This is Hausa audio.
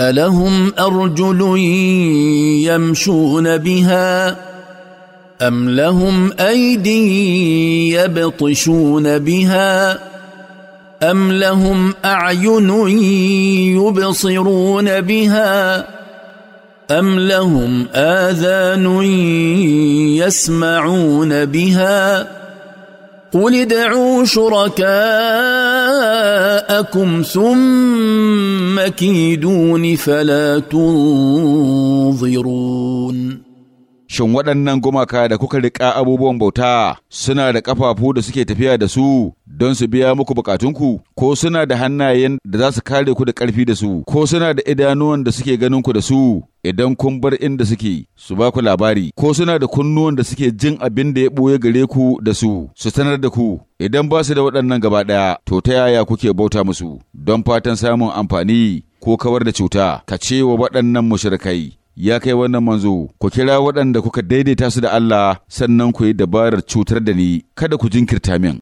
الهم ارجل يمشون بها ام لهم ايدي يبطشون بها ام لهم اعين يبصرون بها ام لهم اذان يسمعون بها قل ادعوا شركاء جاءكم ثم كيدون فلا تنظرون Shin waɗannan gumaka da kuka riƙa abubuwan bauta suna da ƙafafu da suke tafiya da su don su biya muku bukatunku, ko suna da hannayen da za su kare ku da ƙarfi da su, ko suna da idanuwan da suke ganin ku da su, idan kun bar inda suke su ba ku labari ko suna da kunnuwan da suke jin abin da ya ɓoye gare ku da su su sanar da ku idan ba su da waɗannan gaba ɗaya to ta yaya kuke bauta musu don fatan samun amfani ko kawar da cuta ka ce wa waɗannan mushrikai ya kai wannan manzo, ku kira waɗanda kuka daidaita su da Allah sannan ku yi dabarar cutar da ni, kada ku jinkirta min.